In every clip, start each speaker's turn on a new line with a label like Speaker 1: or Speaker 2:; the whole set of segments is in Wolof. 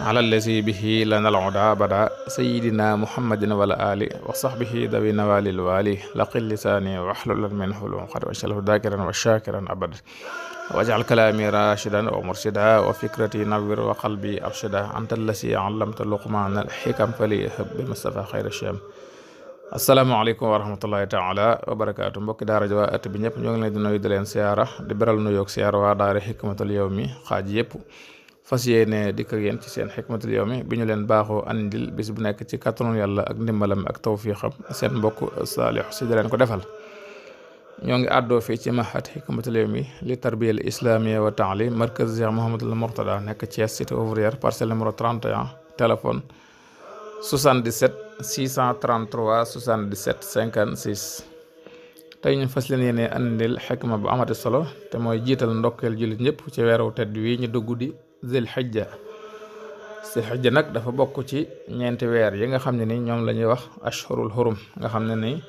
Speaker 1: alallasi bihi lana loda bada sayidina muhammadin wala ali wa sahbihi dawi nawalil wali laqil lisaani waxlulan min hulum qad wajalahu dakiran wa shakiran abad wajal kalaami rashidan wa murshida wa fikrati nawir wa qalbi arshida anta allasi allamta luqmaana alxikam falihab bi mustafa xayra sham asalaamaaleykum wa rahmatullahi taala wa barakaatu mbokki daara ji waa at bi ñëpp ñoo ngi leen di nuyu di leen siyaara di beral nuyoog siyaara waa daara xikmatul yawmi xaaj yëpp fas yéene dikk ak yéen ci seen xikmatul mi bi ñu leen baaxoo andil bis bu nekk ci kàttanu yàlla ak ndimbalam ak tawfiixam seen mbokk saalix si di ko defal ñoo ngi àddoo fi ci mahad xikmatul yawmi li tarbiyal islamiyya wa taalim markaz Cheikh Mouhamadul Mourtada nekk Thiès cité ouvrière parcelle numéro 31 téléphone 77 633 77 56 tey ñu fas leen yéene xekk ma bu amati solo te mooy jiital ndokkeel jullit ñëpp ci weeru tedd wi ñu dugg di zil xijja nag dafa bokk ci ñeenti weer yi nga xam ne ni ñoom la ñuy wax ashhurul hurum nga xam ne nii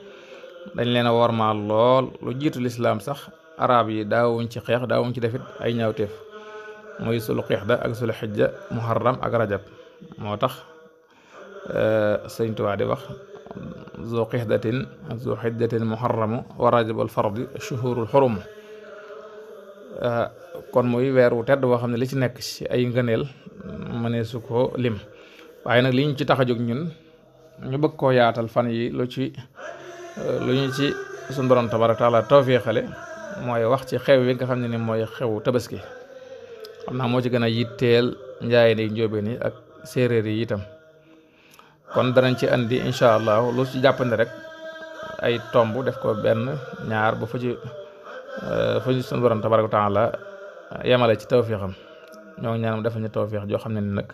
Speaker 1: dañ leen a wormaal lool lu jiitu lislaam sax arab yi daawuñ ci xeex daawuñ ci defit ay ñaawteef muy sulu xixda ak sulu xijja muharram ak rajab moo tax eh, sëñ Tuubaa di wax zu xixdatin zu xijdatin muharramu wa rajabul fardi shuhurul xurum eh, kon muy weer wu tedd boo xam ne li ci nekk ci ay ngëneel mëneesu su ko lim waaye nag li ñu ci tax a jóg ñun ñu bëgg koo yaatal fan yi lu ci lu ñu ci suñu borom tabaaraka taala tawféexale mooy wax ci xew yi nga xam ne ni mooy xewu tabaski xam naa moo ci gën a yitteel njaayeen yi njóobeen yi ak séeréer yi itam kon danañ ci andi incha allah lu ci jàppandi rek ay tomb def ko ñaar ba fa ci euh, fa yemale ci tawféexam ñoo ngi ñaanam dafa ñu tawféex joo xam ne ni nag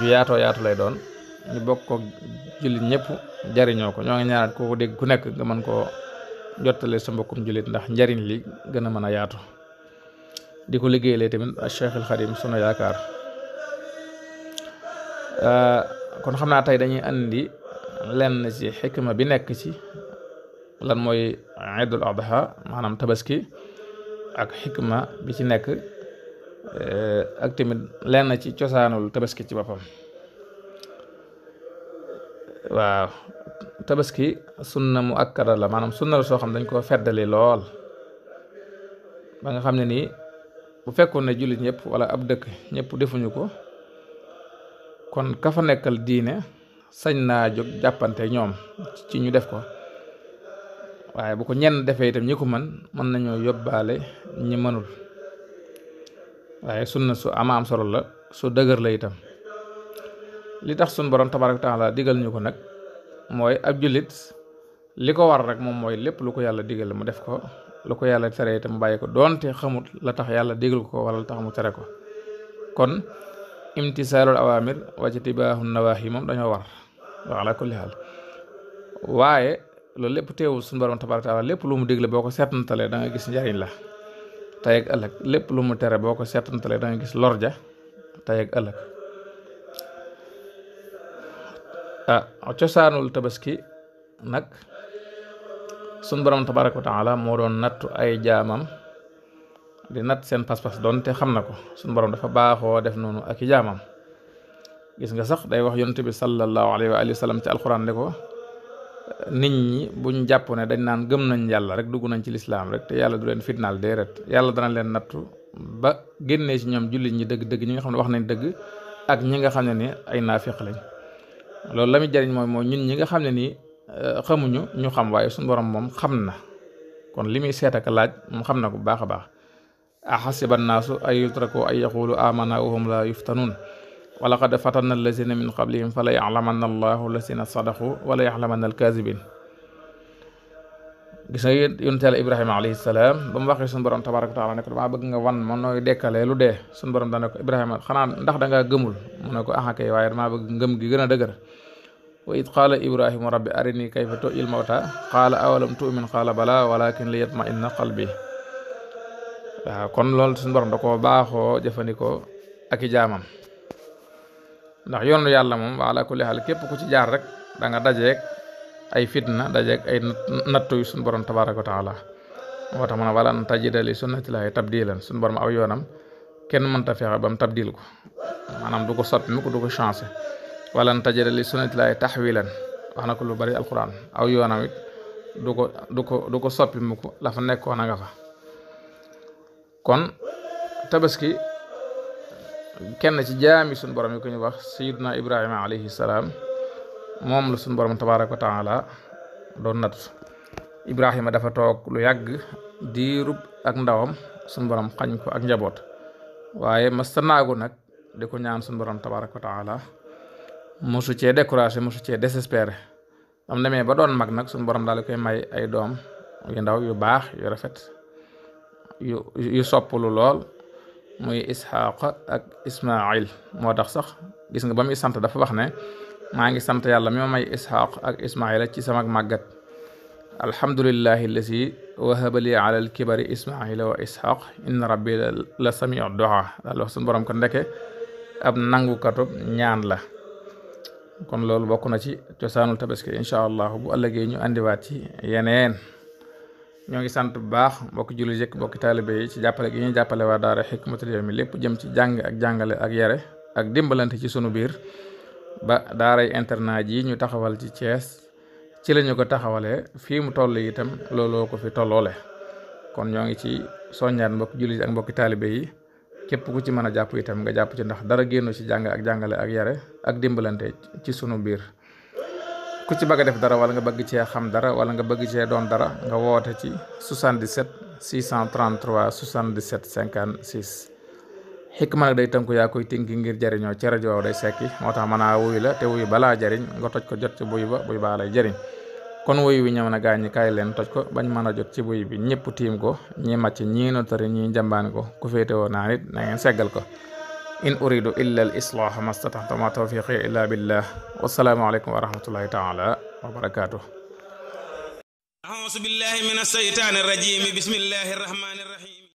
Speaker 1: ju yaatoo yaatu lay doon ñu bokk ko jullit ñëpp jariñoo ko ñoo ngi ñaanal kooku dégg ku nekk nga mën koo jottale sa mbokkum jullit ndax njariñ li gën a mën a yaatu di ko liggéeyalee tamit Cheikh al Xadim sunu yaakaar ah, kon xam naa tey dañuy andi lenn ci xikma bi nekk ci lan mooy Iidul Adha maanaam tabaski ak xikma bi ci nekk eh, ak tamit lenn ci cosaanul tabaski ci boppam waaw tabaski sunna mu akkada la maanaam sunna la soo xam dañ koo feddali lool ba nga xam ne nii bu fekkoon ne jullit ñépp wala ab dëkk ñëpp defuñu ko kon kafa fa nekkal diine sañ naa jóg jàppante ñoom ci ñu def ko waaye bu ko ñenn defee itam ñi ko mën mën nañoo yóbbaale ñi mënul waaye na su ama am solo la su dëgër la itam li tax sun borom tabaaraka taala digal ñu ko nag mooy ab jullit li ko war rek moom mooy lépp lu ko yàlla digal mu def ko lu ko yàlla tere mu bàyyi ko doonte xamut la tax yàlla digal ko wala la tax mu tere ko kon imtisaalul awaamir wajtibaahu nawaahi moom dañoo war wa ala kulli haal waaye loolu lépp teewul suñu borom tabaraka taala lépp lu mu digle boo ko seetantalee da nga gis njariñ la tey ëllëg lépp lu mu tere boo ko seetantalee danga gis lorja tey ak ëllëg ah cosaanul tabaski nag suñ borom tabaraka taala moo doon nattu ay jaamam di natt seen pas-pas doon te xam na ko suñu borom dafa baaxoo def noonu ak i jaamam gis nga sax day wax yonent bi sallallahu alayhi wa sallam ci alxuraan ne ko nit ñi buñ jàppoo ne dañ naan gëm nañ yàlla rek dugg nañ ci lislaam rek te yàlla du leen fitnaal deret yàlla dana leen nattu ba génnee ci ñoom jullit ñi dëgg-dëgg ñi nga xam ne wax nañ dëgg ak ñi nga xam ne ni ay naafiq lañ loolu la jariñ mooy mooy ñun ñi nga xam ne nii euh, xamuñu ñu xam waaye suñu borom moom xam na kon li muy seet ak laaj moom xam na ko bu baax a baax ahasiba annaasu ay yutraku ay yaqulu amana wa hum la yuftanun walaqad fatanna allazina min qablihim fala yaclamanna allahu allazina sadaqu wala yaclamanna alkazibin gis nga yonent Yàlla Ibrahima alayhi salaam ba mu waxee sunu borom tabaaraka wa taala ne ko damaa bëgg nga wan ma nooy dekkalee lu dee sunu borom daan ne ko Ibrahima xanaa ndax da ngaa gëmul mu ne ko ah kay waaye damaa bëgg ngëm gi gën a dëgër. wa id qaala ibrahima rabbi arini kayfa tuhyil mawta qaala awalam tu'min qaala bala walakin liyatma'inna qalbi waaw kon loolu suñu borom da koo baaxoo jëfandikoo ak i jaamam ndax yoonu yàlla moom wa ala kulli xaal képp ku ci jaar rek da nga dajeeg ay fitna dajeeg ay nattu yu suñu borom tabaraka wa taala moo tax mu ne walan tajida li sunnatillahi tabdilan suñu borom aw yoonam kenn mënta fexe ba mu tabdil ko maanaam du ko soppi mu ko du ko changé walan tajida li sunnatillahi taxwilan wax na ko lu bari alquran aw yoonam it du ko du ko du ko soppi mu ko la fa nekkoon a nga fa kon tabaski kenn ci jaami suñu borom yi ko ñu wax sayiduna ibrahima alayhi salaam moom la suñu borom tabaaraka wa taala doon nat ibrahima dafa toog lu yàgg diirub ak ndawam suñu borom xañ ko ak njaboot waaye masta naagu nag di ko ñaan suñu borom tabaaraka wa taala mosu cee découragé mosu cee désespéré am demee ba doon mag nag suñu borom daal di koy may ay doom yu ndaw yu baax yu rafet yu yu soppulu lool muy isxaaq ak ismail moo tax sax gis nga ba muy sant dafa wax ne maa ngi sant yàlla mi ma may isxaaq ak ismaila ci sama màggat alhamdulillahi allasi wahaba li ala alkibari ismaila wa isxaaq inna rabbi la samiu du'a daal wax suñu borom ko ndeke ab nangukatub ñaan la kon loolu bokk na ci cosaanul tabaski incha allah bu ëllëgee ñu andiwaat ci yeneen ñoo ngi sant bu baax mbokki julli yëkk mbokki taalibe yi ci jàppale gi ñuy jàppale waa daara Hikmatul mi lépp jëm ci jàng ak jàngale ak yare ak dimbalante ci sunu biir ba daaray internat ji ñu taxawal ci Thiès ci lañu ko taxawalee fii mu toll itam looloo ko fi tolloole kon ñoo ngi ci soññaat mbokki jullit ak mbokki taalibe yi képp ku ci mën a jàpp itam nga jàpp ci ndax dara génn ci jàng ak jàngale ak yare ak dimbalante ci sunu biir ku ci bëgg def dara wala nga bëgg cee xam dara wala nga bëgg cee doon dara nga woote ci 77 633 77 56 xikma nag day tënku yaa koy tinki ngir jariñoo ci rajo day sekki moo tax mën a la te wuy balaa jariñ nga toj ko jot ci buy ba buy baa lay jariñ kon wuy wi ñëw na gaañu kaay leen toj ko bañ mën a jot ci buy bi ñëpp tiim ko ñi macc ñii notari ñii njambaan ko ku féete woo naa nit na ngeen seggal ko in uridu illa al islaaha mastataxta ma tawfiqi illa billah wassalaamu aleykum wa rahmatullahi taala wa barakatuh auzu billahi min asheytaani rajim bismillahi rahmani rahim